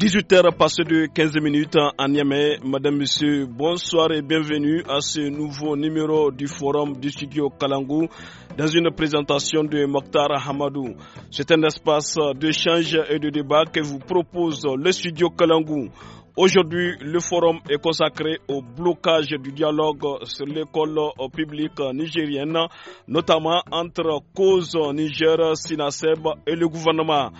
18h passé de 15 minutes à Niamey. Madame, Monsieur, bonsoir et bienvenue à ce nouveau numéro du forum du studio Kalangou dans une présentation de Mokhtar Hamadou. C'est un espace d'échange et de débat que vous propose le studio Kalangou. Aujourd'hui, le forum est consacré au blocage du dialogue sur l'école publique nigérienne, notamment entre Cause Niger, Sinaseb et le gouvernement.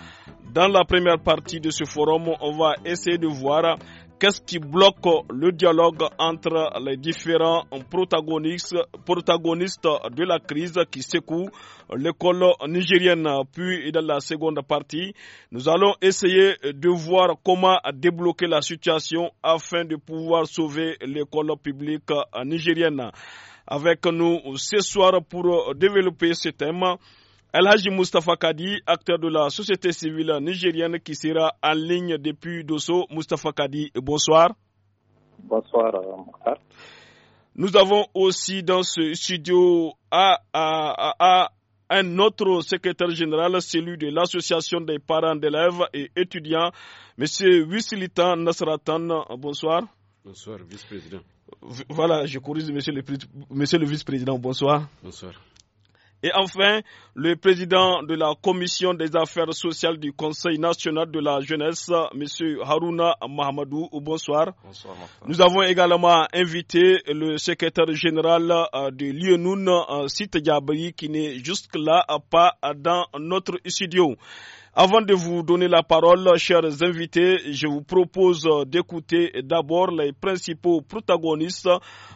Dans la première partie de ce forum, on va essayer de voir qu'est-ce qui bloque le dialogue entre les différents protagonistes, protagonistes de la crise qui secoue l'école nigérienne. Puis, dans la seconde partie, nous allons essayer de voir comment débloquer la situation afin de pouvoir sauver l'école publique nigérienne. Avec nous ce soir pour développer ce thème, Alhaji Mustafa Kadi, acteur de la société civile nigérienne qui sera en ligne depuis Dosso. Mustafa Kadi, bonsoir. Bonsoir, euh, Nous avons aussi dans ce studio A A A un autre secrétaire général, celui de l'Association des parents d'élèves et étudiants, M. Wissilitan Nasratan. Bonsoir. Bonsoir, vice-président. Voilà, je corrige monsieur le, monsieur le vice-président. Bonsoir. Bonsoir. Et enfin, le président de la commission des affaires sociales du Conseil national de la jeunesse, M. Haruna Mahamadou, bonsoir. Nous avons également invité le secrétaire général euh, de l'UNUN, euh, Site Diabri, qui n'est jusque-là euh, pas dans notre studio. Avant de vous donner la parole, chers invités, je vous propose d'écouter d'abord les principaux protagonistes,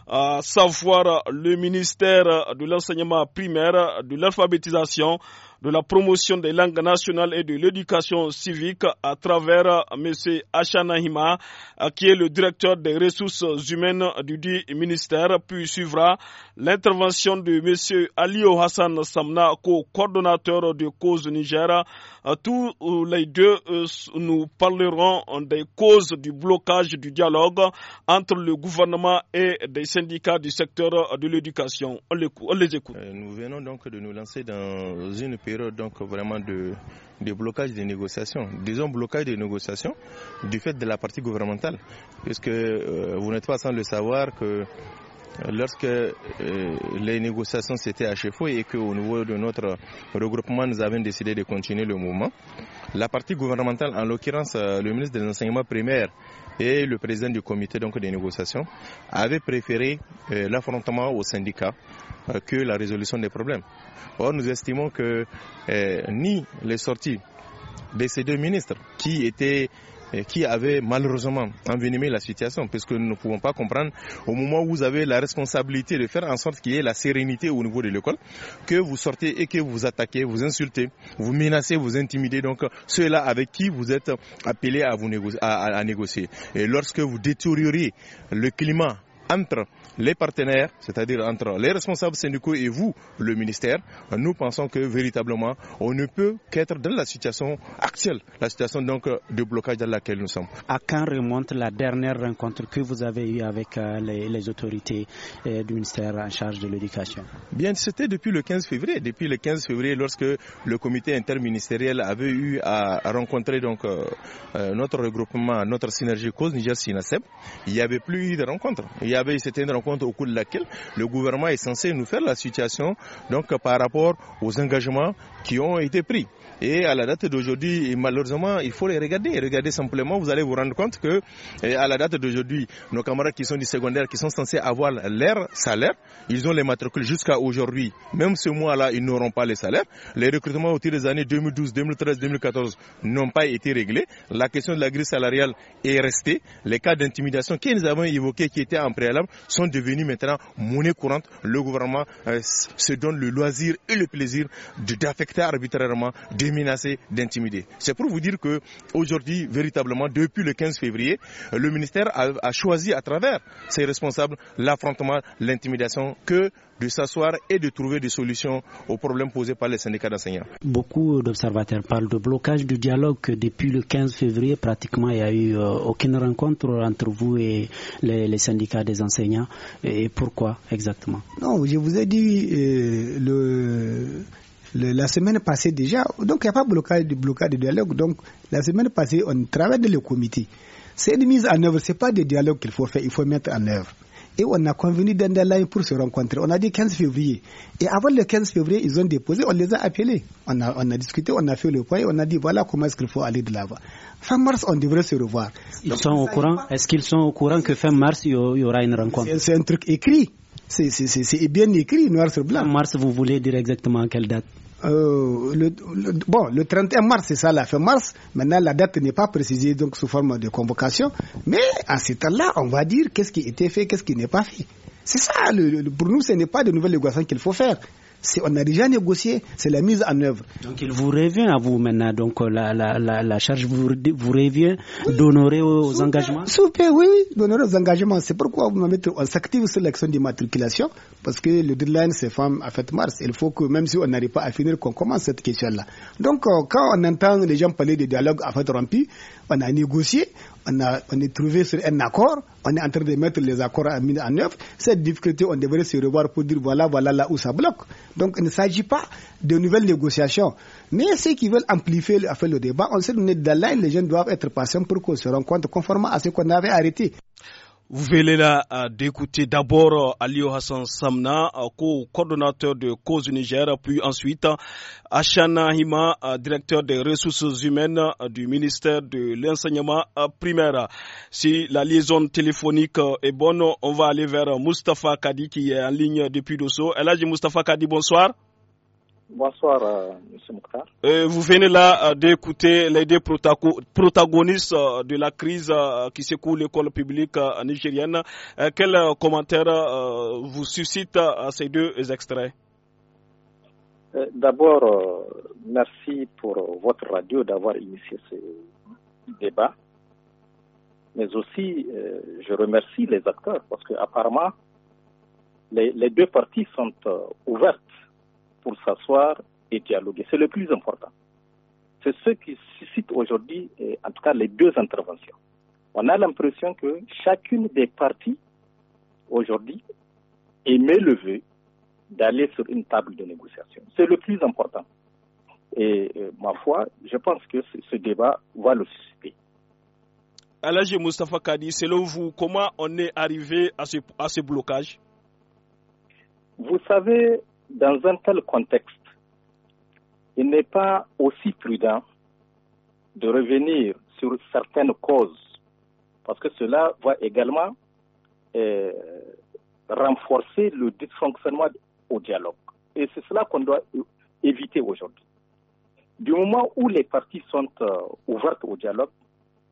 à savoir le ministère de l'enseignement primaire, de l'alphabétisation, de la promotion des langues nationales et de l'éducation civique à travers euh, M. Achanahima, euh, qui est le directeur des ressources humaines du ministère. Puis suivra l'intervention de M. Alio Hassan Samna, co-coordonnateur de Cause Niger. Euh, tous les deux, nous parlerons des causes du blocage du dialogue entre le gouvernement et des syndicats du secteur de l'éducation. On les écoute. Nous venons donc de nous lancer dans une donc vraiment de, blocage des négociations. Disons blocage des négociations du fait de la partie gouvernementale, puisque euh, vous n'êtes pas sans le savoir que euh, lorsque euh, les négociations s'étaient achevées et qu'au niveau de notre regroupement, nous avons décidé de continuer le mouvement, la partie gouvernementale, en l'occurrence le ministre de l'enseignement primaires et le président du comité donc, des négociations, avait préféré l'affrontement au syndicat. Euh, que la résolution des problèmes. Or, nous estimons que euh, ni les sorties de ces deux ministres qui étaient euh, qui malheureusement envenimé la situation, puisque nous ne pouvons pas comprendre, au moment où vous avez la responsabilité de faire en sorte qu'il y ait la sérénité au niveau de l'école, que vous sortez et que vous attaquez, vous insultez, vous menacez, vous intimidez, donc ceux-là avec qui vous êtes appelés à, à négocier. Et lorsque vous détériorez le climat entre les partenaires, c'est-à-dire entre les responsables syndicaux et vous, le ministère, nous pensons que véritablement, on ne peut qu'être dans la situation actuelle, la situation donc de blocage dans laquelle nous sommes. À quand remonte la dernière rencontre que vous avez eue avec euh, les, autorités euh, du ministère en charge de l'éducation Bien, c'était depuis le 15 février. Depuis le 15 février, lorsque le comité interministériel avait eu à rencontrer donc euh, notre regroupement, notre synergie cause Niger-Sinaseb, il n'y avait plus eu de rencontre. Il y avait, c'était une rencontre au cours de laquelle le gouvernement est censé nous faire la situation donc par rapport aux engagements qui ont été pris. Et à la date d'aujourd'hui, malheureusement, il faut les regarder. Regardez simplement, vous allez vous rendre compte que eh, à la date d'aujourd'hui, nos camarades qui sont du secondaire, qui sont censés avoir leur salaire, ils ont les matricules jusqu'à aujourd'hui. Même ce mois-là, ils n'auront pas les salaires. Les recrutements au titre des années 2012, 2013, 2014 n'ont pas été réglés. La question de la grille salariale est restée. Les cas d'intimidation que nous avons évoqués, qui étaient en préalable, sont devenue maintenant monnaie courante, le gouvernement euh, se donne le loisir et le plaisir d'affecter arbitrairement, de menacer, d'intimider. C'est pour vous dire que aujourd'hui, véritablement, depuis le 15 février, euh, le ministère a choisi à travers ses responsables l'affrontement, l'intimidation que de s'asseoir et de trouver des solutions aux problèmes posés par les syndicats d'enseignants. Beaucoup d'observateurs parlent de blocage du dialogue que depuis le 15 février, pratiquement, il n'y a eu euh, aucune rencontre entre vous et les, syndicats des enseignants. Et pourquoi exactement Non, je vous ai dit euh, la semaine passée déjà, donc il n'y a pas de blocage, de blocage de dialogue. Donc la semaine passée, on travaille dans le comité. C'est une mise en œuvre, ce n'est pas des dialogues qu'il faut faire, il faut mettre en œuvre et on a convenu d'un délai pour se rencontrer. On a dit 15 février. Et avant le 15 février, ils ont déposé, on les a appelés. On a, on a discuté, on a fait le point, on a dit voilà comment est-ce qu'il faut aller de l'avant. Fin mars, on devrait se revoir. Ils sont au courant Est-ce qu'ils sont au courant que fin mars, il y aura une rencontre C'est un truc écrit. C'est bien écrit, noir sur blanc. Fin mars, vous voulez dire exactement à quelle date euh, le, bon, le 31 mars, c'est ça la fin mars. Maintenant, la date n'est pas précisée, donc sous forme de convocation. Mais à ce temps-là, on va dire qu'est-ce qui était fait, qu'est-ce qui n'est pas fait. C'est ça, pour nous, ce n'est pas de nouvelles négociations qu'il faut faire on a déjà négocié, c'est la mise en œuvre. Donc il vous revient à vous maintenant, donc euh, la, la, la, charge vous, vous revient d'honorer aux engagements Super, oui, oui, d'honorer aux engagements. C'est pourquoi on s'active sur l'action d'immatriculation, parce que le deadline c'est fin à fête mars. Il faut que même si on n'arrive pas à finir, qu'on commence cette question-là. Donc euh, quand on entend les gens parler de dialogue à fête rompu, on a négocié, on, a, on est trouvé sur un accord, on est en train de mettre les accords en, en œuvre. Cette difficulté, on devrait se revoir pour dire voilà, voilà là où ça bloque. Donc, il ne s'agit pas de nouvelles négociations. Mais ceux qui veulent amplifier le, le débat, on sait que les gens doivent être patients pour qu'on se rende compte conformément à ce qu'on avait arrêté. Vous venez là euh, d'écouter d'abord euh, Alio Hassan Samna, euh, co-coordonnateur de Cause du Niger, puis ensuite Achana Hima, directeur des ressources humaines du ministère de l'enseignement primaire. Si la liaison téléphonique est bonne, on va aller vers Mustapha Kadi qui est en ligne depuis Dosso. dit Mustafa Kadi, bonsoir. Bonsoir, euh, Monsieur M. Euh, vous venez là euh, d'écouter les deux protagonistes de la crise qui secoue l'école publique nigérienne. quel commentaire vous suscite ces deux extraits D'abord, merci pour votre radio d'avoir initié ce débat. Mais aussi, je remercie les acteurs parce que apparemment, les deux parties sont ouvertes pour s'asseoir et dialoguer. C'est le plus important. C'est ce qui suscite aujourd'hui, eh, en tout cas, les deux interventions. On a l'impression que chacune des parties, aujourd'hui, émet le vœu d'aller sur une table de négociation. C'est le plus important. Et euh, ma foi, je pense que ce débat va le susciter. Alagé Mustafa Kadi, selon vous, comment on est arrivé à ce, à ce blocage Vous savez, dans un tel contexte, il n'est pas aussi prudent de revenir sur certaines causes, parce que cela va également euh, renforcer le dysfonctionnement au dialogue. Et c'est cela qu'on doit éviter aujourd'hui. Du moment où les parties sont euh, ouvertes au dialogue,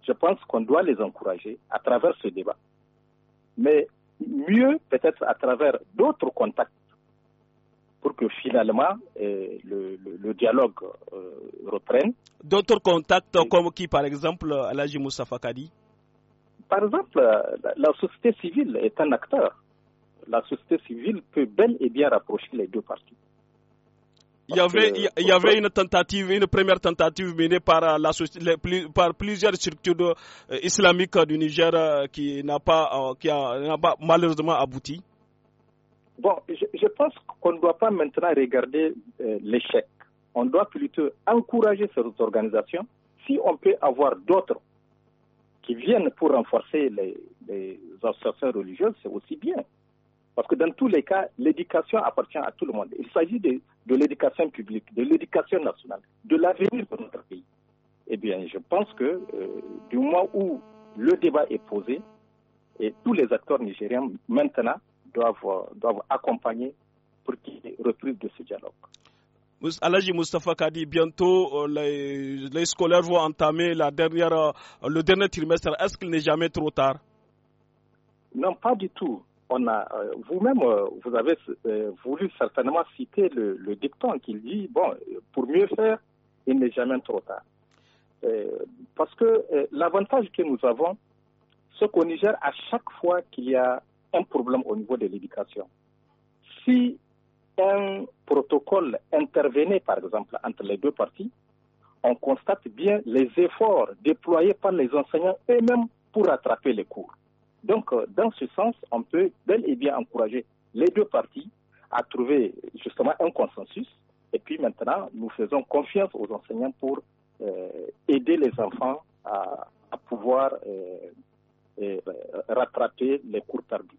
je pense qu'on doit les encourager à travers ce débat. Mais mieux peut-être à travers d'autres contacts pour que finalement euh, le, dialogue euh, reprenne. D'autres contacts comme qui, par exemple, Alaji Moussa Kadi Par exemple, la, société civile est un acteur la société civile peut bel et bien rapprocher les deux parties. il y, avait, une tentative, une première tentative menée par, plusieurs structures euh, islamiques du Niger qui n'a pas malheureusement abouti. Bon, je, pense qu'on ne doit pas maintenant regarder euh, l'échec. On doit plutôt encourager ces organisations. Si on peut avoir d'autres qui viennent pour renforcer les, associations religieuses, c'est aussi bien. Parce que dans tous les cas, l'éducation appartient à tout le monde. Il s'agit de, l'éducation publique, de l'éducation nationale, de l'avenir de notre pays. Eh bien, je pense que euh, du moment où le débat est posé, et tous les acteurs nigériens maintenant doivent, euh, doivent accompagner pour qu'il reprise de ce dialogue. Alaji Mustafa Kadi, bientôt euh, les, les, scolaires vont entamer la dernière, euh, le dernier trimestre. Est-ce qu'il n'est jamais trop tard Non, pas du tout. On a, vous-même, vous avez voulu certainement citer le, le dicton qui dit bon, pour mieux faire, il n'est jamais trop tard. Parce que l'avantage que nous avons, c'est qu'au Niger, à chaque fois qu'il y a un problème au niveau de l'éducation. Si un protocole intervenait, par exemple, entre les deux parties, on constate bien les efforts déployés par les enseignants eux-mêmes pour rattraper les cours. Donc, euh, dans ce sens, on peut bel et bien encourager les deux parties à trouver justement un consensus. Et puis maintenant, nous faisons confiance aux enseignants pour euh, aider les enfants à, pouvoir euh, rattraper les cours tardifs.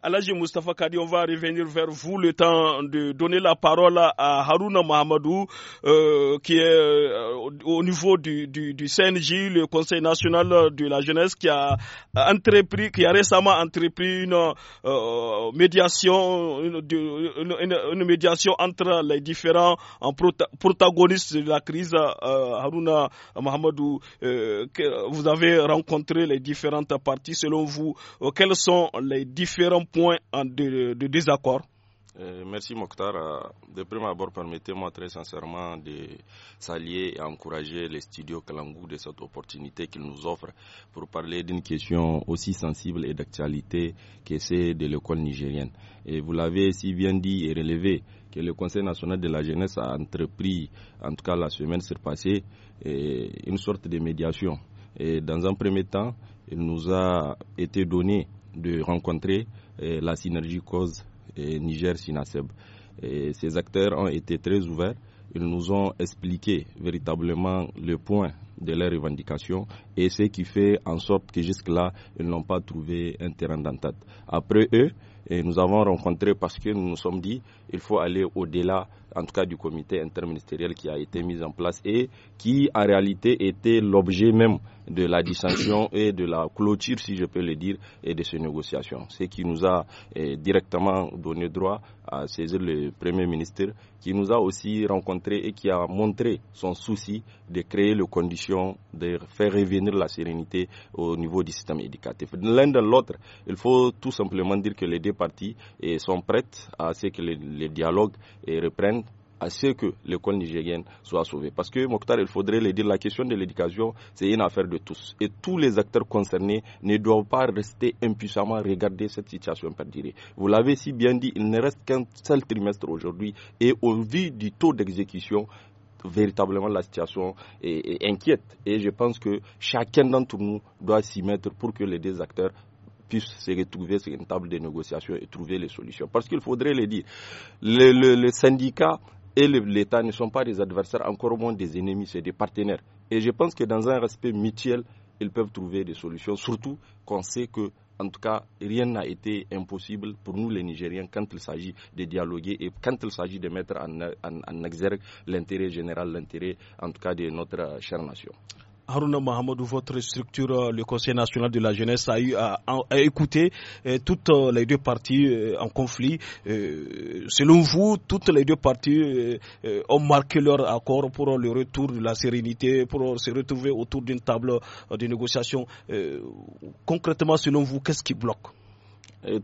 Alhaji Mustafa Kadi, on va revenir vers vous le temps de donner la parole à Haruna Mahamadou, euh, qui est euh, au niveau du, du, CNJ, le Conseil national de la jeunesse, qui a entrepris, qui a récemment entrepris une euh, médiation, une, médiation entre les différents protagonistes de la crise. Haruna Mahamadou, vous avez rencontré les différentes parties. Selon vous, quels sont les différents point de, désaccord euh, Merci Mokhtar. Euh, de prime abord, permettez-moi très sincèrement de saluer et encourager les studios Kalangou de cette opportunité qu'ils nous offrent pour parler d'une question aussi sensible et d'actualité que celle de l'école nigérienne. Et vous l'avez si bien dit et relevé que le Conseil national de la jeunesse a entrepris, en tout cas la semaine surpassée, une sorte de médiation. Et dans un premier temps, il nous a été donné de rencontrer euh, la synergie cause euh, Niger-Sinaseb. Ces acteurs ont été très ouverts. Ils nous ont expliqué véritablement le point de leurs revendications et ce qui fait en sorte que jusque-là, ils n'ont pas trouvé un terrain d'entente. Après eux, nous avons rencontré parce que nous nous sommes dit il faut aller au-delà en tout cas du comité interministériel qui a été mis en place et qui en réalité était l'objet même de la dissension et de la clôture, si je peux le dire, et de ces négociations. Ce qui nous a eh, directement donné droit à saisir le Premier ministre, qui nous a aussi rencontré et qui a montré son souci de créer les conditions de faire revenir la sérénité au niveau du système éducatif. L'un de l'autre, il faut tout simplement dire que les deux parties eh, sont prêtes à ce que les dialogues eh, reprennent à ce que l'école nigérienne soit sauvée. Parce que Mokhtar, il faudrait le dire, la question de l'éducation, c'est une affaire de tous. Et tous les acteurs concernés ne doivent pas rester impuissamment regarder cette situation perdurer. Vous l'avez si bien dit, il ne reste qu'un seul trimestre aujourd'hui. Et au vu du taux d'exécution, véritablement la situation est, inquiète. Et je pense que chacun d'entre nous doit s'y mettre pour que les deux acteurs puissent se retrouver sur une table de négociation et trouver les solutions. Parce qu'il faudrait le dire, le syndicat et l'État ne sont pas des adversaires, encore moins des ennemis, c'est des partenaires. Et je pense que dans un respect mutuel, ils peuvent trouver des solutions, surtout qu'on sait que, en tout cas, rien n'a été impossible pour nous les Nigériens quand il s'agit de dialoguer et quand il s'agit de mettre en, en exergue l'intérêt général, l'intérêt, en tout cas, de notre euh, chère nation. Haruna Mahamadou, votre structure, euh, le Conseil national de la jeunesse, a, eu, à écouté euh, toutes euh, les deux parties en conflit. selon vous, toutes les deux parties ont marqué leur accord pour le retour de la sérénité, pour se retrouver autour d'une table de négociation. concrètement, selon vous, qu'est-ce qui bloque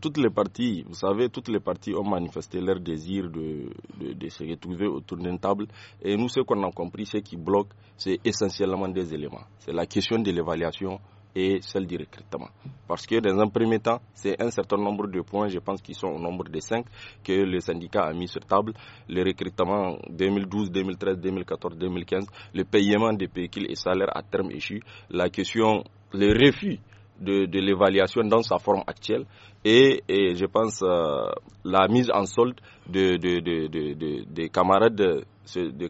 toutes les parties, vous savez, toutes les parties ont manifesté leur désir de, se retrouver autour d'une table. Et nous, ce qu'on a compris, ce qui bloque, c'est essentiellement des éléments. C'est la question de l'évaluation et celle du recrutement. Parce que dans un premier temps, c'est un certain nombre de points, je pense qu'ils sont au nombre de cinq, que le syndicat a mis sur table. Le recrutement 2012, 2013, 2014, 2015, le paiement des péquils et salaires à terme échu, la question, le refus de, l'évaluation dans sa forme actuelle et, je pense euh, la mise en solde de, de, des camarades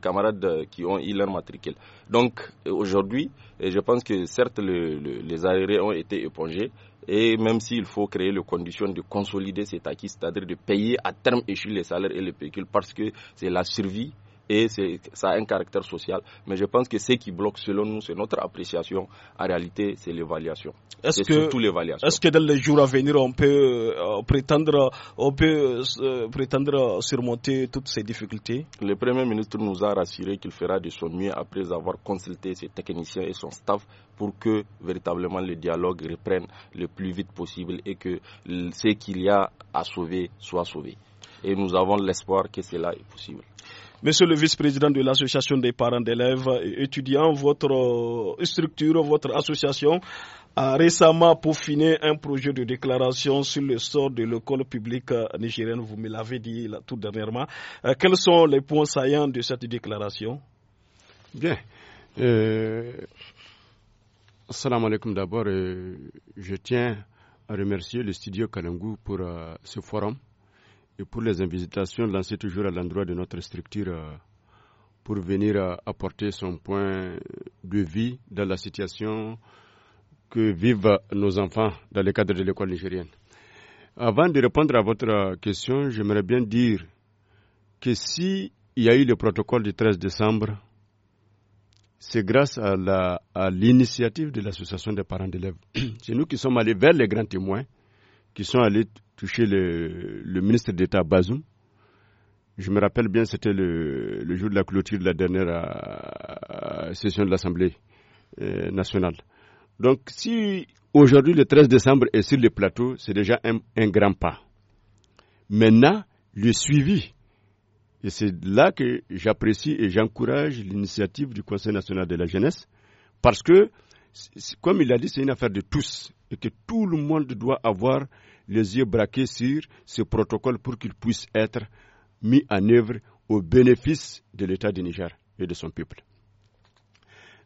camarades qui ont eu leur matricule. Donc aujourd'hui, je pense que certes les arrêts ont été épongés et même s'il faut créer les conditions de consolider cet acquis, c'est-à-dire de payer à terme échu les salaires et les pécules parce que c'est la survie et ça a un caractère social. Mais je pense que ce qui bloque, selon nous, c'est notre appréciation. En réalité, c'est l'évaluation. Est-ce que, Est-ce que dans les jours à venir, on peut euh, prétendre, on peut euh, prétendre surmonter toutes ces difficultés Le Premier ministre nous a rassuré qu'il fera de son mieux après avoir consulté ses techniciens et son staff pour que véritablement le dialogue reprenne le plus vite possible et que ce qu'il y a à sauver soit sauvé. Et nous avons l'espoir que cela est possible. Monsieur le vice-président de l'association des parents d'élèves et étudiants, votre euh, structure, votre association a récemment peaufiné un projet de déclaration sur le sort de l'école publique euh, nigérienne. Vous me l'avez dit tout dernièrement. Euh, quels sont les points saillants de cette déclaration Bien. Euh... Assalamu alaikum d'abord. je tiens à remercier le studio Kalangu pour ce forum et pour les invitations lancées toujours à l'endroit de notre structure euh, pour venir euh, apporter son point de vue dans la situation que vivent euh, nos enfants dans le cadre de l'école nigérienne. Avant de répondre à votre question, j'aimerais bien dire que si y a eu le protocole du 13 décembre, c'est grâce à l'initiative de l'association des parents d'élèves. C'est nous qui sommes allés vers les grands témoins qui sont allés toucher le, ministre d'État Bazoum. Je me rappelle bien, c'était le, jour de la clôture de la dernière euh, session de l'Assemblée euh, nationale. Donc, si aujourd'hui, le 13 décembre, est sur le plateau, c'est déjà un, un, grand pas. Maintenant, le suivi. Et c'est là que j'apprécie et j'encourage l'initiative du Conseil national de la jeunesse, parce que, comme il a dit, c'est une affaire de tous que tout le monde doit avoir les yeux braqués sur ce protocole pour qu'il puisse être mis en œuvre au bénéfice de l'État du Niger et de son peuple.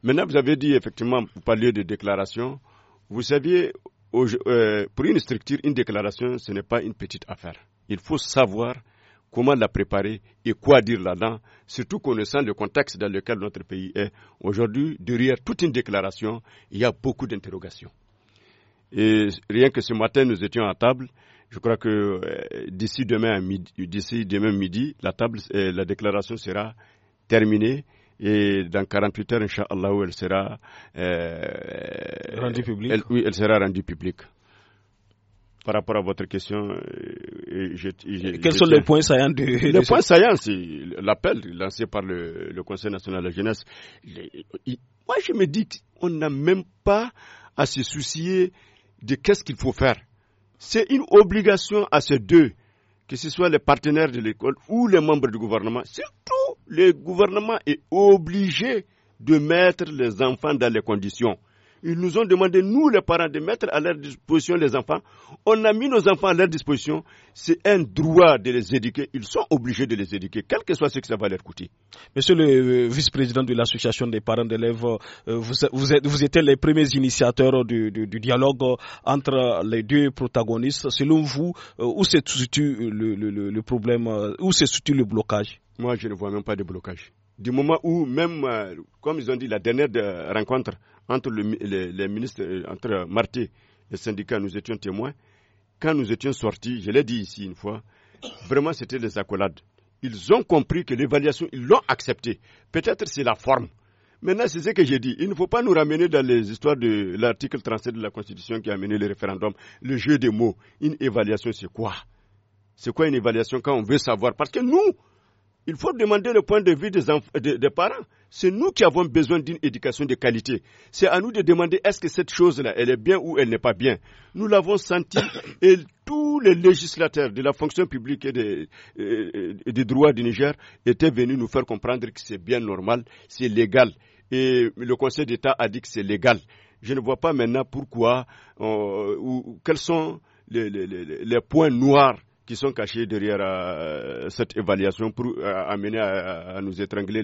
Maintenant, vous avez dit effectivement, vous parliez de déclaration. Vous saviez, euh, pour une structure, une déclaration, ce n'est pas une petite affaire. Il faut savoir comment la préparer et quoi dire là-dedans, surtout connaissant le contexte dans lequel notre pays est. Aujourd'hui, derrière toute une déclaration, il y a beaucoup d'interrogations. Et rien que ce matin, nous étions à table. Je crois que euh, d'ici demain midi, midi, la table, euh, la déclaration sera terminée et dans 48 heures, Inch'Allah, elle sera euh, rendue publique. oui, elle sera rendue publique. Par rapport à votre question, quels sont les points saillants de, Les points c'est l'appel lancé par le, Conseil national de la jeunesse. moi, je me dis qu'on n'a même pas à se soucier de qu'est-ce qu'il faut faire. C'est une obligation à ces deux, que ce soit les partenaires de l'école ou les membres du gouvernement. Surtout, le gouvernement est obligé de mettre les enfants dans les conditions. Ils nous ont demandé, nous les parents, de mettre à leur disposition les enfants. On a mis nos enfants à leur disposition. C'est un droit de les éduquer. Ils sont obligés de les éduquer, quel que soit ce que ça va leur coûter. Monsieur le euh, vice-président de l'association des parents d'élèves, euh, vous, étiez les premiers initiateurs du, dialogue euh, entre les deux protagonistes. Selon vous, où se situe le problème, où se situe le blocage Moi, je ne vois même pas de blocage du moment où même, euh, comme ils ont dit, la dernière euh, rencontre entre les, ministres, euh, entre Marté et le syndicat, nous étions témoins. Quand nous étions sortis, je l'ai dit ici une fois, vraiment c'était des accolades. Ils ont compris que l'évaluation, ils l'ont acceptée. Peut-être c'est la forme. Maintenant, c'est ce que j'ai dit. Il ne faut pas nous ramener dans les histoires de l'article 37 de la Constitution qui a mené le référendum. Le jeu des mots. Une évaluation, c'est quoi C'est quoi une évaluation quand on veut savoir Parce que nous, il faut demander le point de vue des, des parents. C'est nous qui avons besoin d'une éducation de qualité. C'est à nous de demander est-ce que cette chose-là, elle est bien ou elle n'est pas bien. Nous l'avons senti et tous les législateurs de la fonction publique et des, droits du Niger étaient venus nous faire comprendre que c'est bien normal, c'est légal. Et le Conseil d'État a dit que c'est légal. Je ne vois pas maintenant pourquoi euh, ou, quels sont les points noirs qui sont cachés derrière euh, cette évaluation pour euh, amener à, nous étrangler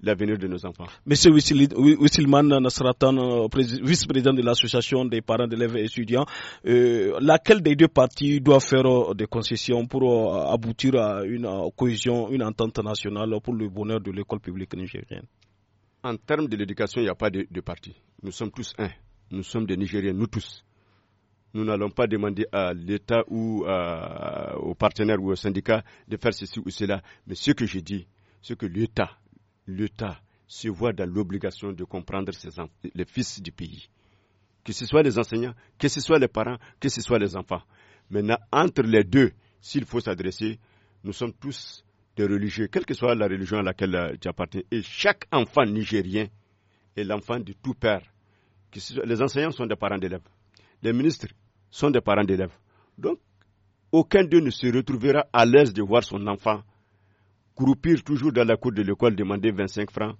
l'avenir de nos enfants. Monsieur Wissilman Nasratan, euh, vice-président de l'association des parents d'élèves et étudiants, laquelle des deux parties doit faire des concessions pour aboutir à une cohésion, une entente nationale pour le bonheur de l'école publique nigérienne En termes de l'éducation, il n'y a pas de, de parti. Nous sommes tous un. Nous sommes des Nigériens, nous tous. Nous n'allons pas demander à l'État ou aux partenaires ou aux syndicats de faire ceci ou cela. Mais ce que je dis, c'est que l'État, l'État se voit dans l'obligation de comprendre les fils du pays. Que ce soit les enseignants, que ce soit les parents, que ce soit les enfants. Maintenant, entre les deux, s'il faut s'adresser, nous sommes tous des religieux, quelle que soit la religion à laquelle euh, tu appartiens. Et chaque enfant nigérien est l'enfant de tout père. Les enseignants sont des parents d'élèves les ministres sont des parents d'élèves. Donc, aucun d'eux ne se retrouvera à l'aise de voir son enfant croupir toujours dans la cour de l'école, demander 25 francs,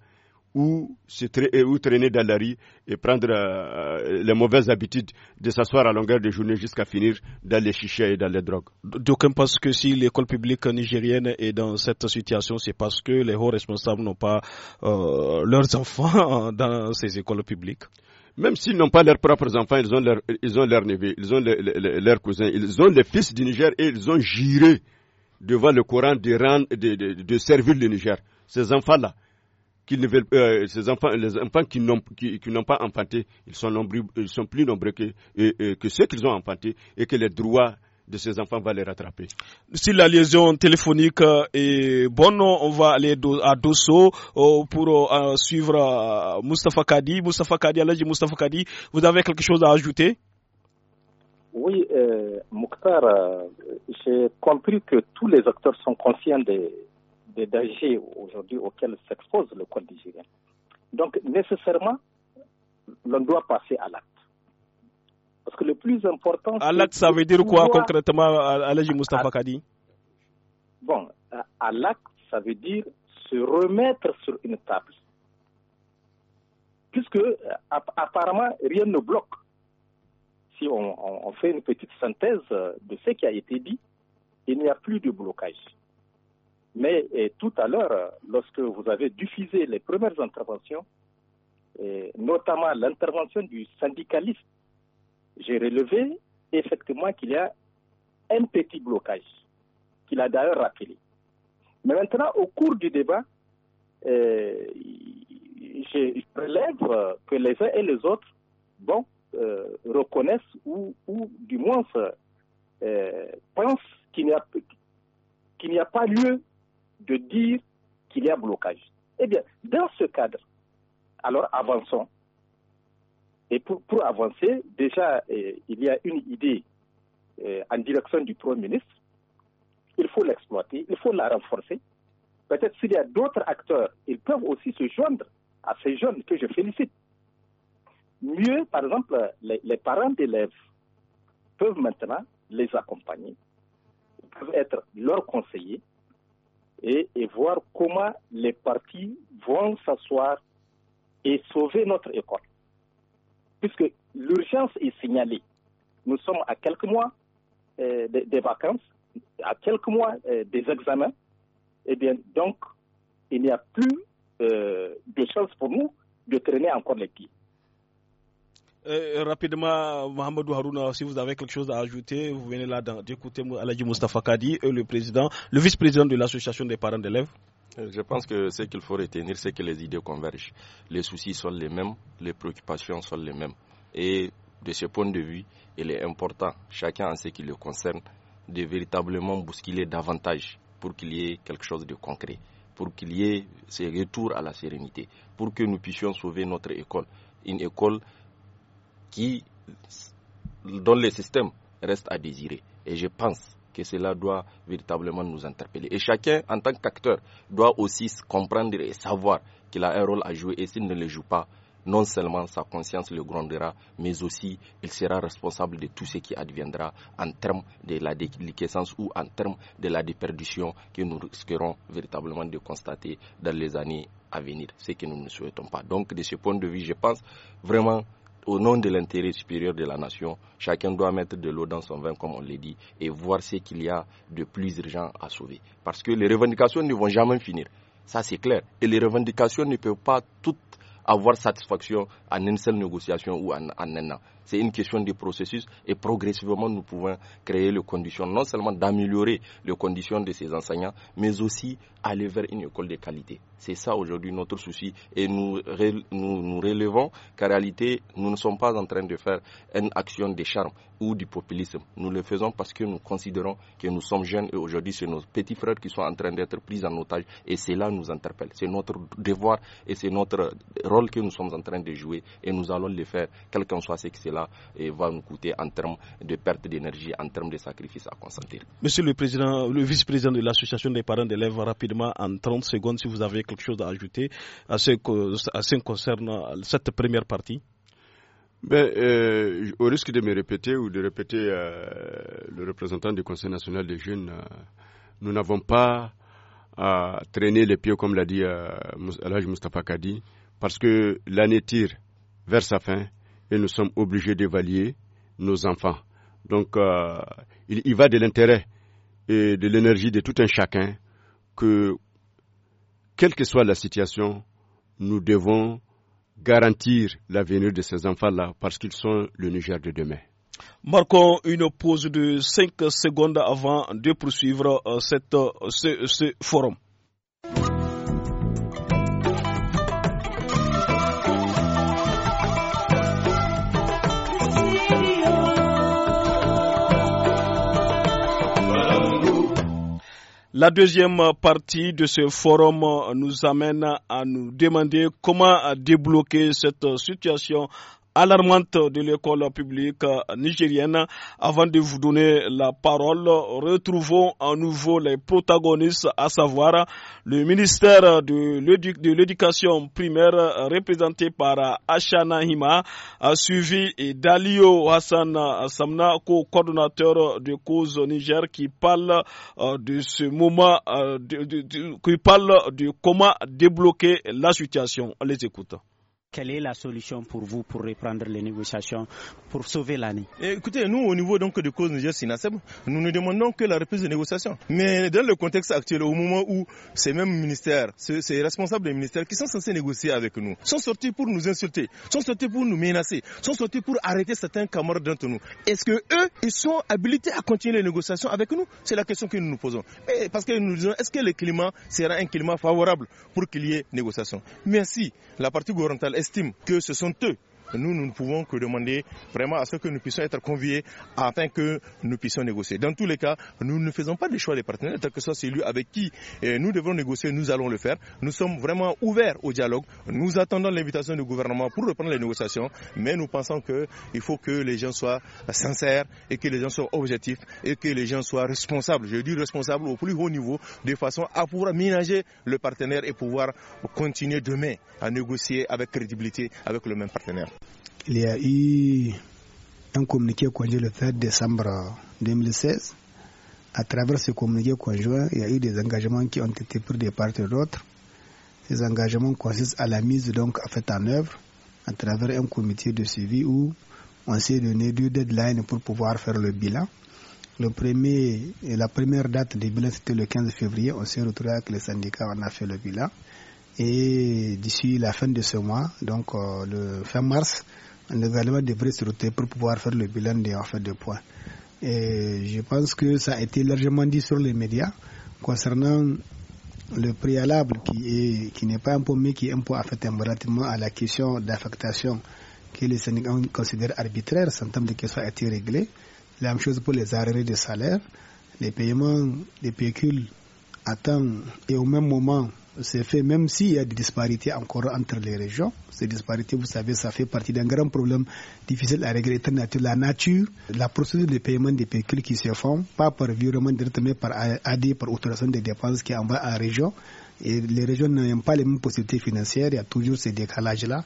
ou, se traîner dans la rue et prendre euh, les mauvaises habitudes de s'asseoir à longueur de journée jusqu'à finir dans les chichets et dans les drogues. D'aucuns pensent que si l'école publique nigérienne est dans cette situation, c'est parce que les hauts responsables n'ont pas euh, leurs enfants dans ces écoles publiques. Même s'ils n'ont pas leurs propres enfants, ils ont leurs ils neveux, ils ont leurs cousins, ils ont les fils du Niger et ils ont juré devant le Coran de, rendre, de, servir le Niger. Ces enfants-là, ne veulent, euh, ces enfants, les enfants qui n'ont qui, pas enfanté, ils sont, plus nombreux que, euh, euh, que ceux qu'ils ont enfanté et que les droits de ces enfants va les rattraper. Si la liaison téléphonique euh, est bonne, on va aller à Dosso euh, pour euh, suivre Moustapha Kadi. Moustapha Kadi, Moustapha Kadi, vous avez quelque chose à ajouter Oui, euh, j'ai compris que tous les acteurs sont conscients des, dangers aujourd'hui auxquels s'expose le col Donc, nécessairement, l'on doit passer à la parce que le plus important. Alak, ça veut dire quoi concrètement, Alaji Mustafa Kadi Bon, l'acte, ça veut dire se remettre sur une table. Puisque euh, apparemment, rien ne bloque. Si on, fait une petite synthèse euh, de ce qui a été dit, il n'y a plus de blocage. Mais tout à l'heure, lorsque vous avez diffusé les premières interventions, notamment l'intervention du syndicaliste j'ai relevé effectivement qu'il y a un petit blocage, qu'il a d'ailleurs rappelé. Mais maintenant, au cours du débat, euh, je relève que les uns et les autres, bon, euh, reconnaissent ou, du moins euh, pensent qu'il n'y a, a pas lieu de dire qu'il y a blocage. Eh bien, dans ce cadre, alors avançons et pour, avancer, déjà, eh, il y a une idée eh, en direction du Premier ministre. Il faut l'exploiter, il faut la renforcer. Peut-être s'il y a d'autres acteurs, ils peuvent aussi se joindre à ces jeunes que je félicite. Mieux, par exemple, les, parents d'élèves peuvent maintenant les accompagner, ils peuvent être leurs conseillers et voir comment les partis vont s'asseoir et sauver notre école puisque l'urgence est signalée. Nous sommes à quelques mois euh, des, vacances, à quelques mois euh, des examens. et eh bien, donc, il n'y a plus euh, de chance pour nous de traîner encore les pieds. rapidement, Mohamedou Harouna, si vous avez quelque chose à ajouter, vous venez là d'écouter Aladji Mustafa Kadi, le président, le vice-président de l'association des parents d'élèves. Je pense que ce qu'il faut retenir, c'est que les idées convergent. Les soucis sont les mêmes, les préoccupations sont les mêmes. Et de ce point de vue, il est important, chacun en ce qui le concerne, de véritablement bousculer davantage pour qu'il y ait quelque chose de concret, pour qu'il y ait ce retour à la sérénité, pour que nous puissions sauver notre école. Une école qui, dont le système reste à désirer. Et je pense et cela doit véritablement nous interpeller. Et chacun, en tant qu'acteur, doit aussi comprendre et savoir qu'il a un rôle à jouer et s'il ne le joue pas, non seulement sa conscience le grondera, mais aussi il sera responsable de tout ce qui adviendra en termes de la déliquescence ou en termes de la déperdition que nous risquerons véritablement de constater dans les années à venir, ce que nous ne souhaitons pas. Donc, de ce point de vue, je pense vraiment au nom de l'intérêt supérieur de la nation, chacun doit mettre de l'eau dans son vin, comme on l'a dit, et voir ce qu'il y a de plus urgent à sauver. Parce que les revendications ne vont jamais finir. Ça, c'est clair. Et les revendications ne peuvent pas toutes avoir satisfaction en une seule négociation ou en, en un an. C'est une question de processus et progressivement nous pouvons créer les conditions non seulement d'améliorer les conditions de ces enseignants, mais aussi aller vers une école de qualité. C'est ça aujourd'hui notre souci et nous, nous, relevons qu'en réalité, nous ne sommes pas en train de faire une action de charme ou du populisme. Nous le faisons parce que nous considérons que nous sommes jeunes et aujourd'hui, c'est nos petits frères qui sont en train d'être pris en otage et cela nous interpelle. C'est notre devoir et c'est notre rôle que nous sommes en train de jouer et nous allons le faire, quel qu'en soit ce que cela et va nous coûter en termes de perte d'énergie, en termes de sacrifices à consentir. Monsieur le président, le vice-président de l'association des parents d'élèves, rapidement en 30 secondes, si vous avez quelque chose à ajouter à ce, qui concerne cette première partie. Ben, euh, au risque de me répéter ou de répéter euh, le représentant du Conseil national des jeunes, euh, nous n'avons pas à traîner les pieds, comme l'a dit Alhaj Mustafa Kadi, parce que l'année tire vers sa fin et nous sommes obligés d'évaluer nos enfants. Donc, euh, il va de l'intérêt et de l'énergie de tout un chacun que, quelle que soit la situation, nous devons garantir l'avenir de ces enfants-là parce qu'ils sont le Niger de demain. Marquons une pause de cinq secondes avant de poursuivre euh, cette, euh, ce forum. La deuxième partie de ce forum nous amène à nous demander comment débloquer cette situation alarmante de l'école publique nigérienne. Avant de vous donner la parole, retrouvons à nouveau les protagonistes, à savoir le ministère de l'éducation primaire représenté par Ashana Hima, suivi d'Alio Hassan Samna, co coordinateur de cause Niger, qui parle euh, de ce moment, euh, qui parle de comment débloquer la situation. On Les écoute. Quelle est la solution pour vous pour reprendre les négociations, pour sauver l'année eh, Écoutez, nous, au niveau donc de cause niger sinaseb nous ne demandons que la reprise des négociations. Mais dans le contexte actuel, au moment où ces mêmes ministères, ces, responsables des ministères qui sont censés négocier avec nous, sont sortis pour nous insulter, sont sortis pour nous menacer, sont sortis pour arrêter certains camarades d'entre nous, est-ce que eux, ils sont habilités à continuer les négociations avec nous C'est la question que nous nous posons. Eh, parce que nous disons, est-ce que le climat sera un climat favorable pour qu'il y ait négociation Mais si la partie gouvernementale Estime que ce sont eux nous, nous ne pouvons que demander vraiment à ce que nous puissions être conviés afin que nous puissions négocier. Dans tous les cas, nous ne faisons pas de choix des partenaires, tel que soit celui avec qui eh, nous devons négocier, nous allons le faire. Nous sommes vraiment ouverts au dialogue. Nous attendons l'invitation du gouvernement pour reprendre les négociations, mais nous pensons qu'il faut que les gens soient sincères et que les gens soient objectifs et que les gens soient responsables. Je dis responsable au plus haut niveau, de façon à pouvoir ménager le partenaire et pouvoir continuer demain à négocier avec crédibilité avec le même partenaire. Il y a eu un communiqué conjoint le 3 décembre 2016. À travers ce communiqué conjoint, il y a eu des engagements qui ont été pris de part et d'autre. Ces engagements consistent à la mise donc à fait en œuvre à travers un comité de suivi où on s'est donné deux deadlines pour pouvoir faire le bilan. la première date du bilan, c'était le 15 février. On s'est retrouvé avec les syndicats, on a fait le bilan. Et d'ici la fin de ce mois, donc euh, le fin mars, le gouvernement devrait se router pour pouvoir faire le bilan des enfants de points. Et je pense que ça a été largement dit sur les médias concernant le préalable qui est qui n'est pas un peu mais qui est un peu en relativement à la question d'affectation que les syndicats considèrent arbitraire, sans terme de question a été réglé, La même chose pour les arrêts de salaire, les paiements des pécules attendent et au même moment c'est fait même s'il y a des disparités encore entre les régions. Ces disparités, vous savez, ça fait partie d'un grand problème difficile à régler. La nature, la procédure de paiement des pécules qui se font, pas par virement direct, mais par AD, par autorisation des dépenses qui à la région. Et les régions n'ont pas les mêmes possibilités financières. Il y a toujours ces décalages-là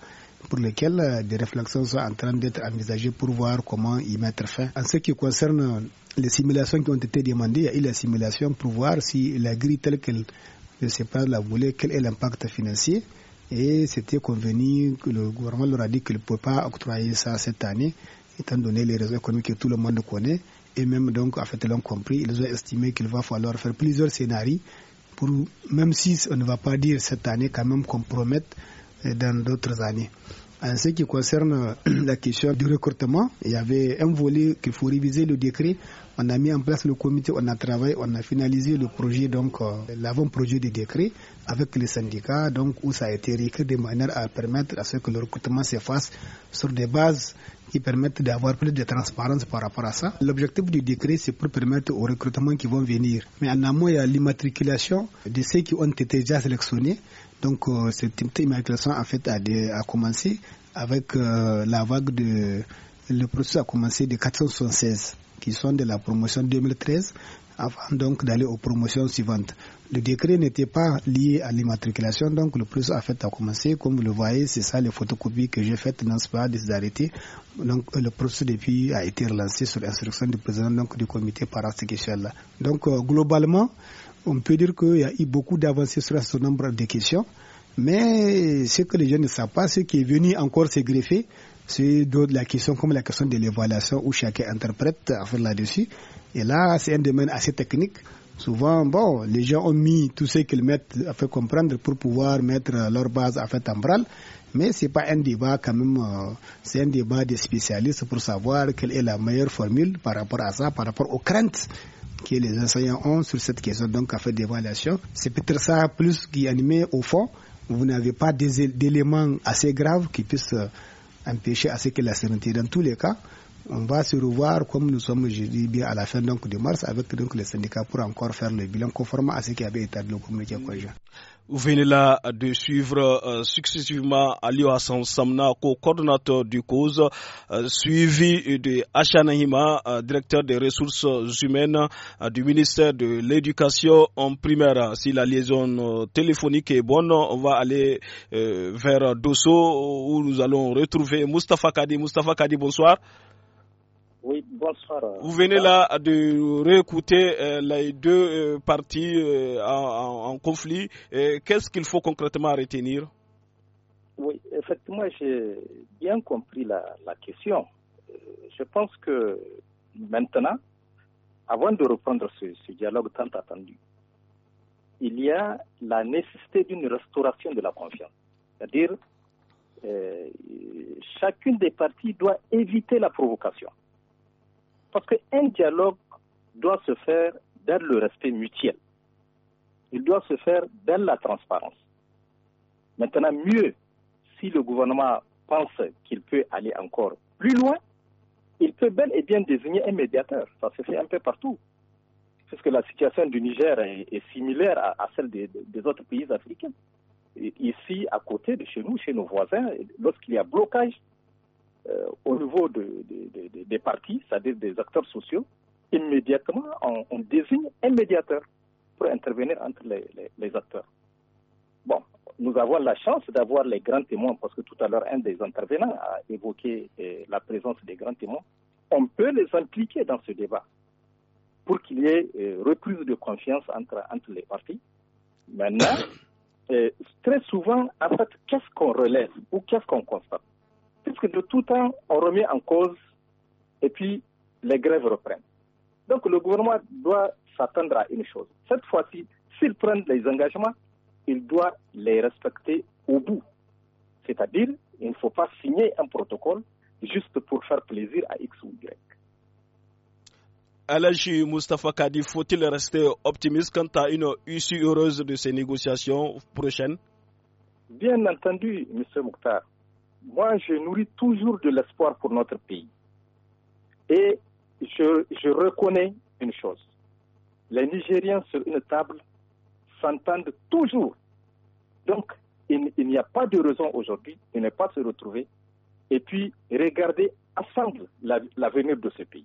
pour lesquels euh, des réflexions sont en train d'être envisagées pour voir comment y mettre fin. En ce qui concerne les simulations qui ont été demandées, il y a eu la simulation pour voir si la grille telle qu'elle je ne sais pas, la voulait, quel est l'impact financier. Et c'était convenu que le gouvernement leur a dit qu'il ne pouvait pas octroyer ça cette année, étant donné les raisons économiques que tout le monde connaît. Et même donc, en fait, l'ont compris, ils ont estimé qu'il va falloir faire plusieurs scénarios pour, même si on ne va pas dire cette année, quand même compromettre euh, dans d'autres années. En ce qui concerne la question du recrutement, il y avait un volet qu'il faut réviser le décret. On a mis en place le comité, on a travaillé, on a finalisé le projet, donc euh, l'avant-projet du décret avec les syndicats, donc où ça a été réécrit de manière à permettre à ce que le recrutement se fasse sur des bases qui permettent d'avoir plus de transparence par rapport à ça. L'objectif du décret, c'est pour permettre aux recrutements qui vont venir. Mais en amont, il y a l'immatriculation de ceux qui ont été déjà sélectionnés donc euh, cette immatriculation fait a, commencé avec euh, la vague de le processus a commencé de 476 qui sont de la promotion 2013 avant donc d'aller aux promotions suivantes. Le décret n'était pas lié à l'immatriculation, donc le processus a fait a commencé Comme vous le voyez, c'est ça les photocopies que j'ai faites dans ce pas des arrêtés. Donc euh, le processus depuis a été relancé sur l'instruction du président du comité par là. Donc globalement, on peut dire qu'il y a eu beaucoup d'avancées sur ce nombre de questions. Mais ce que les gens ne savent pas, ce qui est venu encore se greffer, c'est la question comme la question de l'évaluation où chacun interprète à faire là-dessus. Et là, c'est un domaine assez technique. Souvent, bon, les gens ont mis tout ce qu'ils mettent à faire comprendre pour pouvoir mettre leur base à fait ambrale. Mais ce n'est pas un débat quand même, euh, c'est un débat des spécialistes pour savoir quelle est la meilleure formule par rapport à ça, par rapport aux craintes que les enseignants ont sur cette question, donc à faire des C'est peut-être ça plus qui animait au fond. Vous n'avez pas d'éléments assez graves qui puissent euh, empêcher à ce que la sérénité, dans tous les cas, on va se revoir comme nous sommes, je dis bien, à la fin de mars avec donc, les syndicats pour encore faire le bilan conformément à ce qui avait été le communiqué conjoint. Vous venez là de suivre euh, successivement Aliou Hassan Samna, co-coordinateur du cause, euh, suivi de Hachanahima, Hima, euh, directeur des ressources humaines du ministère de l'Éducation en primaire. Si la liaison téléphonique est bonne, on va aller vers Dosso où nous allons retrouver Mustafa Kadi. Mustafa Kadi, bonsoir. Oui, bonsoir. Vous venez là de réécouter euh, les deux euh, parties euh, en, conflit. Qu'est-ce qu'il faut concrètement retenir Oui, effectivement, j'ai bien compris la, question. Je pense que maintenant, avant de reprendre ce, ce dialogue tant attendu, il y a la nécessité d'une restauration de la confiance. C'est-à-dire, chacune des parties doit éviter la provocation. Parce qu'un dialogue doit se faire dans le respect mutuel. Il doit se faire dans la transparence. Maintenant, mieux, si le gouvernement pense qu'il peut aller encore plus loin, il peut bel et bien désigner un médiateur. Ça se fait un peu partout. que la situation du Niger est, similaire à, celle des, autres pays africains. ici, à côté de chez nous, chez nos voisins, lorsqu'il y a blocage, euh, au niveau des partis, c'est-à-dire des acteurs sociaux, immédiatement, on, désigne un médiateur pour intervenir entre les, acteurs. Bon, nous avons la chance d'avoir les grands témoins, parce que tout à l'heure, un des intervenants a évoqué euh, la présence des grands témoins. On peut les impliquer dans ce débat pour qu'il y ait euh, reprise de confiance entre, entre les partis. Maintenant, très souvent, en fait, qu'est-ce qu'on relève ou qu'est-ce qu'on constate parce que de tout temps, on remet en cause et puis les grèves reprennent. Donc le gouvernement doit s'attendre à une chose. Cette fois-ci, s'il prennent les engagements, il doit les respecter au bout. C'est-à-dire, il ne faut pas signer un protocole juste pour faire plaisir à X ou Y. Alaji Mustafa Kadi, faut-il rester optimiste quant à une issue heureuse de ces négociations prochaines Bien entendu, M. Mouktar moi, je nourris toujours de l'espoir pour notre pays. Et je, reconnais une chose. Les Nigériens sur une table s'entendent toujours. Donc, il, n'y a pas de raison aujourd'hui de ne pas se retrouver et puis regarder ensemble l'avenir de ce pays.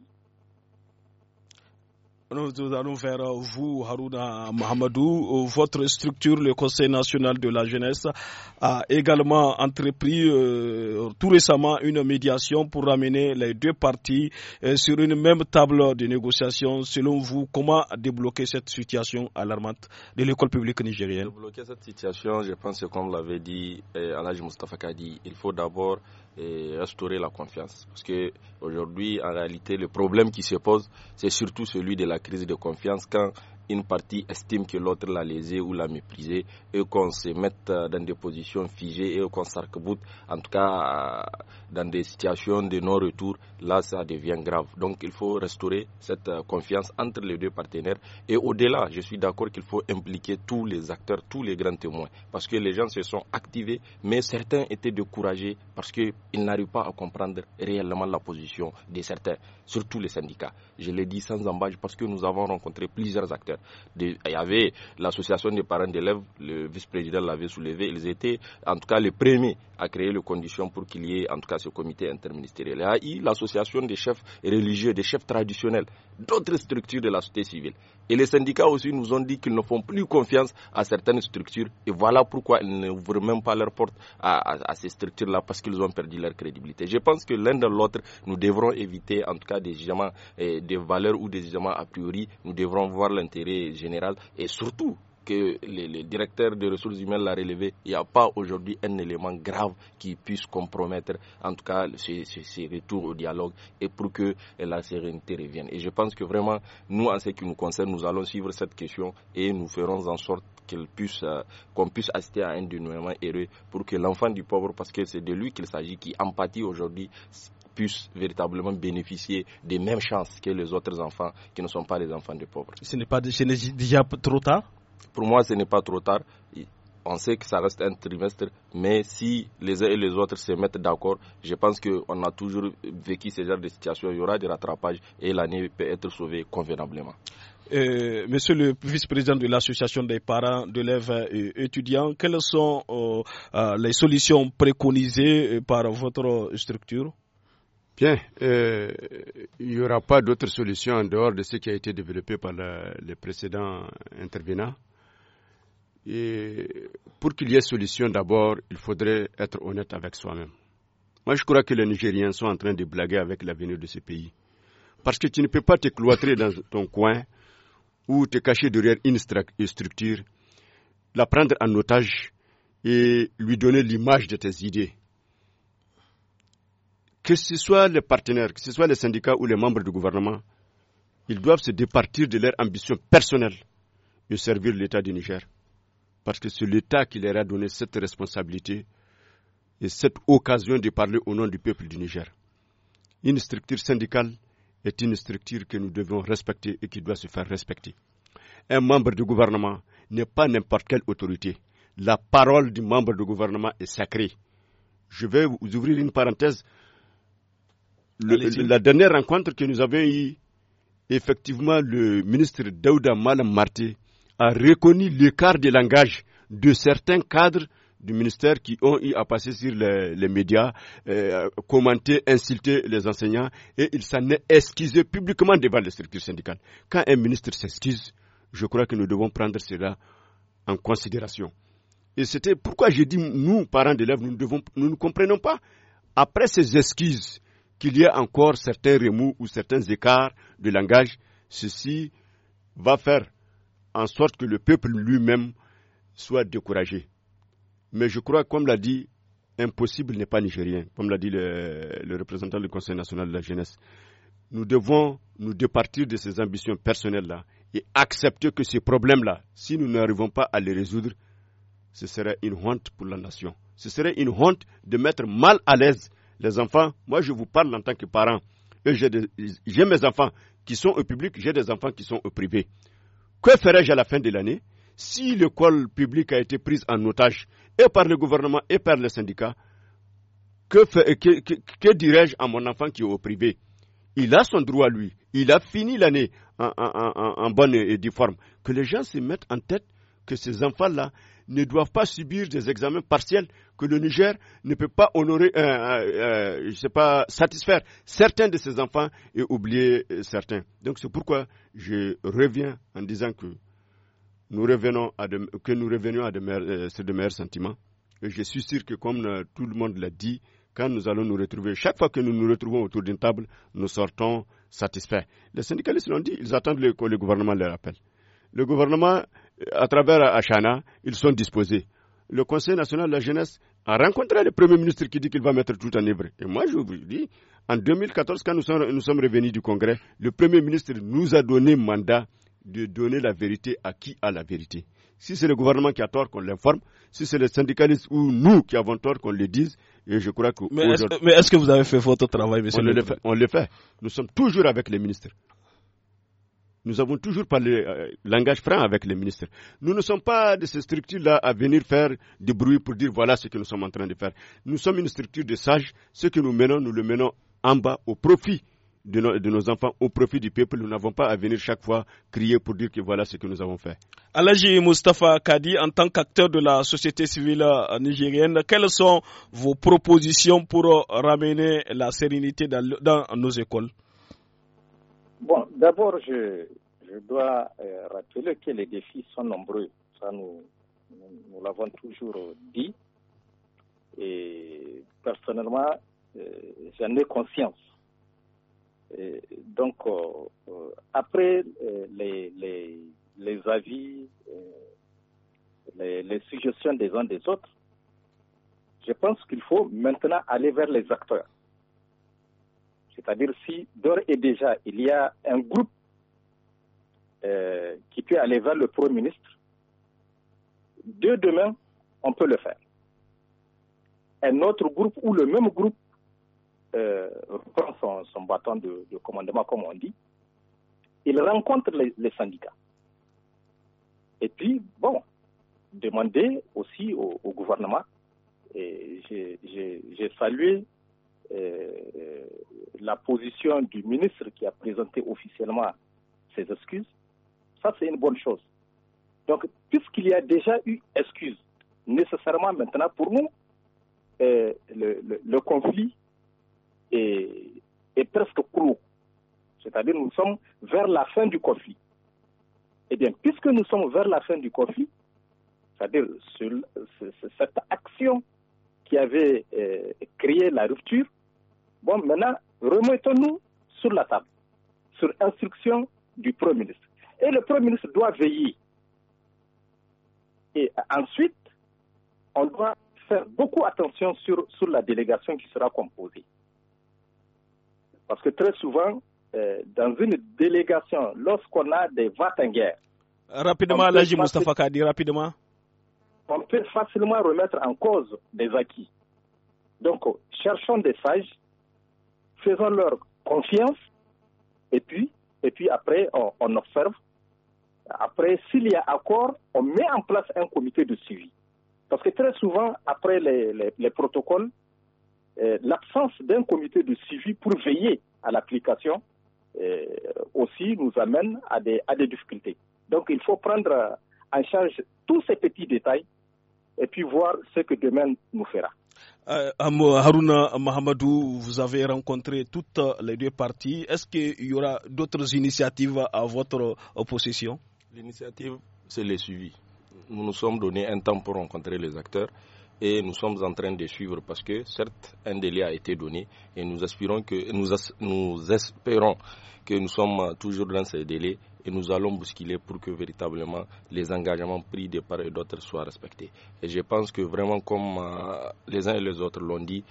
Nous allons vers euh, vous, Harouna Mahamadou. Euh, votre structure, le Conseil national de la jeunesse, a également entrepris euh, tout récemment une médiation pour ramener les deux parties sur une même table de négociation. Selon vous, comment débloquer cette situation alarmante de l'école publique nigérienne Débloquer cette situation, je pense comme l'avait dit Alage Alaj Kadi, il faut d'abord restaurer la confiance. Parce aujourd'hui, en réalité, le problème qui se pose, c'est surtout celui de la crise de confiance quand une partie estime que l'autre l'a lésé ou l'a méprisé et qu'on se mette euh, dans des positions figées et qu'on s'arc-boute, en tout cas euh, dans des situations de non-retour, là ça devient grave. Donc il faut restaurer cette euh, confiance entre les deux partenaires et au-delà, je suis d'accord qu'il faut impliquer tous les acteurs, tous les grands témoins parce que les gens se sont activés mais certains étaient découragés parce qu'ils n'arrivent pas à comprendre réellement la position de certains, surtout les syndicats. Je l'ai dit sans embâche parce que nous avons rencontré plusieurs acteurs il y avait l'association des parents d'élèves, le vice-président l'avait soulevé, ils étaient en tout cas les premiers à créer les conditions pour qu'il y ait en tout cas ce comité interministériel. Il y a l'association des chefs religieux, des chefs traditionnels, d'autres structures de la société civile. Et les syndicats aussi nous ont dit qu'ils ne font plus confiance à certaines structures et voilà pourquoi ils n'ouvrent même pas leurs portes à, ces structures-là parce qu'ils ont perdu leur crédibilité. Je pense que l'un de l'autre, nous devrons éviter en tout cas des jugements, eh, des valeurs ou des jugements a priori, nous devrons voir l'intérêt générale général et surtout que le, le, directeur des ressources humaines l'a relevé, il n'y a pas aujourd'hui un élément grave qui puisse compromettre en tout cas ces, retours au dialogue et pour que la sérénité revienne. Et je pense que vraiment, nous, en ce qui nous concerne, nous allons suivre cette question et nous ferons en sorte qu'on puisse, euh, qu'on puisse assister à un dénouement heureux pour que l'enfant du pauvre, parce que c'est de lui qu'il s'agit, qui empathie aujourd'hui, puissent véritablement bénéficier des mêmes chances que les autres enfants qui ne sont pas les enfants des pauvres. Ce n'est pas déjà trop tard Pour moi, ce n'est pas trop tard. On sait que ça reste un trimestre, mais si les uns et les autres se mettent d'accord, je pense qu'on a toujours vécu ce genre de situation. Il y aura des rattrapages et l'année peut être sauvée convenablement. Euh, monsieur le vice-président de l'association des parents d'élèves et étudiants, quelles sont euh, euh, les solutions préconisées par votre structure Bien, euh, il n'y aura pas d'autre solution en dehors de ce qui a été développé par les précédents intervenants. Et pour qu'il y ait solution, d'abord, il faudrait être honnête avec soi-même. Moi, je crois que les Nigériens sont en train de blaguer avec l'avenir de ce pays. Parce que tu ne peux pas te cloîtrer dans ton coin ou te cacher derrière une structure, la prendre en otage et lui donner l'image de tes idées que ce soit les partenaires, que ce soit les syndicats ou les membres du gouvernement, ils doivent se départir de leur ambition personnelle de servir l'État du Niger. Parce que c'est l'État qui leur a donné cette responsabilité et cette occasion de parler au nom du peuple du Niger. Une structure syndicale est une structure que nous devons respecter et qui doit se faire respecter. Un membre du gouvernement n'est pas n'importe quelle autorité. La parole du membre du gouvernement est sacrée. Je vais vous ouvrir une parenthèse la dernière rencontre que nous avons eue, effectivement, le ministre Daouda Malam Marté a reconnu l'écart de langage de certains cadres du ministère qui ont eu à passer sur les, médias, euh, commenter, insulter les enseignants, et il s'en est excusé publiquement devant les structures syndicales. Quand un ministre s'excuse, je crois que nous devons prendre cela en considération. Et c'était pourquoi j'ai dit, nous, parents d'élèves, nous ne comprenons pas. Après ces excuses, qu'il y ait encore certains remous ou certains écarts de langage, ceci va faire en sorte que le peuple lui-même soit découragé. Mais je crois, comme l'a dit, impossible n'est pas nigérien, comme l'a dit le, le, représentant du Conseil national de la jeunesse. Nous devons nous départir de ces ambitions personnelles-là et accepter que ces problèmes-là, si nous n'arrivons pas à les résoudre, ce serait une honte pour la nation. Ce serait une honte de mettre mal à l'aise les enfants, moi je vous parle en tant que parent. J'ai mes enfants qui sont au public, j'ai des enfants qui sont au privé. Que ferais-je à la fin de l'année si l'école publique a été prise en otage et par le gouvernement et par les syndicats Que, dirais-je à mon enfant qui est au privé Il a son droit, lui. Il a fini l'année en, en bonne et due forme. Que les gens se mettent en tête que ces enfants-là, ne doivent pas subir des examens partiels que le Niger ne peut pas honorer, euh, ne euh, euh, sais pas, satisfaire certains de ses enfants et oublier euh, certains. Donc c'est pourquoi je reviens en disant que nous revenons à de, que nous revenions à de meilleurs, sentiments. Et je suis sûr que comme tout le monde l'a dit, quand nous allons nous retrouver, chaque fois que nous nous retrouvons autour d'une table, nous sortons satisfaits. Les syndicalistes l'ont dit, ils attendent que le, gouvernement leur appelle. Le gouvernement à travers Achana, ils sont disposés. Le Conseil national de la jeunesse a rencontré le Premier ministre qui dit qu'il va mettre tout en œuvre. Et moi, je vous dis, en 2014, quand nous sommes, revenus du Congrès, le Premier ministre nous a donné mandat de donner la vérité à qui a la vérité. Si c'est le gouvernement qui a tort, qu'on l'informe. Si c'est les syndicalistes ou nous qui avons tort, qu'on le dise. Et je crois que. Mais est-ce que vous avez fait votre travail, monsieur on le, le fait, on le fait. Nous sommes toujours avec les ministres. Nous avons toujours parlé euh, langage franc avec les ministres. Nous ne sommes pas de ces structures-là à venir faire du bruit pour dire voilà ce que nous sommes en train de faire. Nous sommes une structure de sages. Ce que nous menons, nous le menons en bas au profit de nos, enfants au profit du peuple. Nous n'avons pas à venir chaque fois crier pour dire que voilà ce que nous avons fait. Alaji Mustafa Kadi, en tant qu'acteur de la société civile euh, nigérienne, quelles sont vos propositions pour euh, ramener la sérénité dans nos écoles Bon, d'abord, je, dois euh, rappeler que les défis sont nombreux. Ça, nous, nous, l'avons toujours dit. Et personnellement, euh, j'en ai conscience. donc, euh, après les, les, avis, les suggestions des uns des autres, je pense qu'il faut maintenant aller vers les acteurs. C'est-à-dire si d'ores et déjà il y a un groupe euh, qui peut aller vers le Premier ministre, de demain, on peut le faire. Un autre groupe ou le même groupe euh, prend son, bâton de, commandement, comme on dit, il rencontre les, syndicats. Et puis, bon, demander aussi au gouvernement, et j'ai salué euh, la position du ministre qui a présenté officiellement ses excuses, ça c'est une bonne chose. Donc, puisqu'il y a déjà eu excuses, nécessairement maintenant pour nous, euh, le, conflit est, presque clos. C'est-à-dire nous sommes vers la fin du conflit. Eh bien, puisque nous sommes vers la fin du conflit, c'est-à-dire cette action qui avait euh, créé la rupture, Bon, maintenant, remettons-nous sur la table, sur instruction du Premier ministre. Et le Premier ministre doit veiller. Et ensuite, on doit faire beaucoup attention sur, sur la délégation qui sera composée. Parce que très souvent, euh, dans une délégation, lorsqu'on a des votes en guerre Rapidement, Kadi, rapidement. On peut facilement remettre en cause des acquis. Donc, cherchons des sages faisons-leur confiance, et puis, et puis après, on, observe. Après, s'il y a accord, on met en place un comité de suivi. Parce que très souvent, après les, protocoles, euh, l'absence d'un comité de suivi pour veiller à l'application euh, aussi nous amène à des, à des difficultés. Donc, il faut prendre en charge tous ces petits détails et puis voir ce que demain nous fera. Euh, Haruna Mahamadou, vous avez rencontré toutes les deux parties. Est-ce qu'il y aura d'autres initiatives à votre opposition? L'initiative, c'est le suivi. Nous nous sommes donné un temps pour rencontrer les acteurs et nous sommes en train de suivre parce que certes un délai a été donné et nous aspirons que nous, nous espérons que nous sommes toujours dans ces délais et nous allons bousculer pour que véritablement les engagements pris de part et d'autre soient respectés. Et je pense que vraiment, comme euh, les uns et les autres l'ont dit,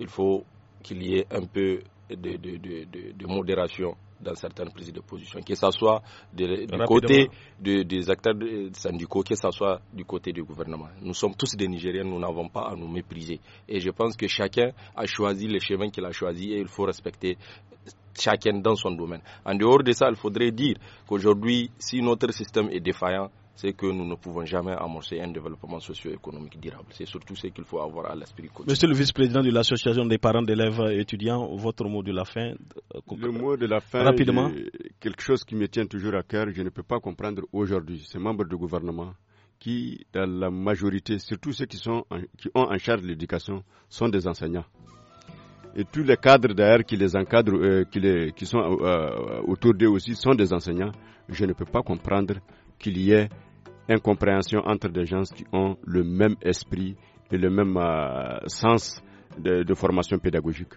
il faut qu'il y ait un peu de, modération dans certaines prises de position, que ce soit du côté des acteurs syndicaux, que ce soit du côté du gouvernement. Nous sommes tous des Nigériens, nous n'avons pas à nous mépriser. Et je pense que chacun a choisi le chemin qu'il a choisi et il faut respecter chacun dans son domaine. En dehors de ça, il faudrait dire qu'aujourd'hui, si notre système est défaillant, c'est que nous ne pouvons jamais amorcer un développement socio-économique durable. C'est surtout ce qu'il faut avoir à l'esprit. Monsieur le vice-président de l'association des parents d'élèves et étudiants, votre mot de la fin euh, Le mot de la fin, rapidement. quelque chose qui me tient toujours à cœur, je ne peux pas comprendre aujourd'hui ces membres du gouvernement qui, dans la majorité, surtout ceux qui, sont, qui ont en charge l'éducation, sont des enseignants. Et tous les cadres d'ailleurs qui les encadrent, euh, qui, sont euh, euh, autour d'eux aussi, sont des enseignants. Je ne peux pas comprendre qu'il y ait incompréhension entre des gens qui ont le même esprit et le même sens de formation pédagogique.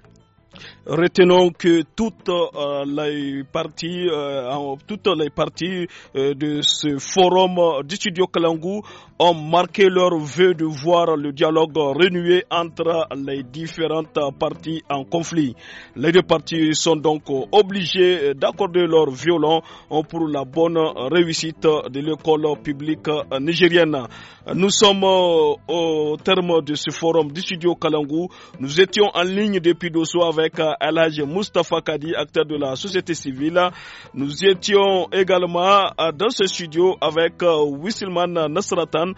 Retenons que toutes euh, les parties, euh, toutes les parties euh, de ce forum du studio Kalangu ont marqué leur vœu de voir le dialogue renoué entre les différentes parties en conflit. Les deux parties sont donc obligées d'accorder leur violon pour la bonne réussite de l'école publique nigérienne. Nous sommes au terme de ce forum du studio Kalangu. Nous étions en ligne depuis deux soirs avec avec euh, aj Mustafa Kadi, acteur de la société civile. Nous étions également euh, dans ce studio avec euh, Wisselman Nasratan,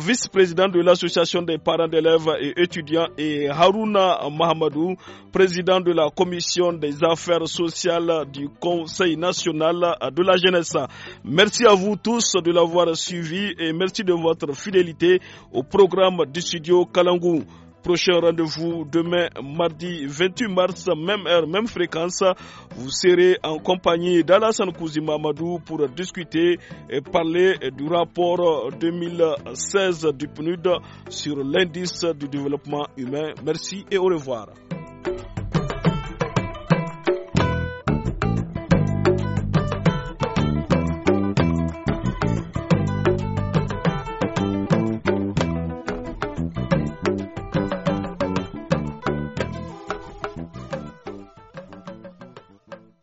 vice-président de l'association des parents d'élèves et étudiants, et Haruna Mahamadou, président de la commission des affaires sociales du Conseil national de la jeunesse. Merci à vous tous de l'avoir suivi et merci de votre fidélité au programme du studio Kalangou. Prochain rendez-vous demain, mardi 28 mars, même heure, même fréquence. Vous serez en compagnie d'Alassane Kouzi Mamadou pour discuter et parler du rapport 2016 du PNUD sur l'indice du développement humain. Merci et au revoir.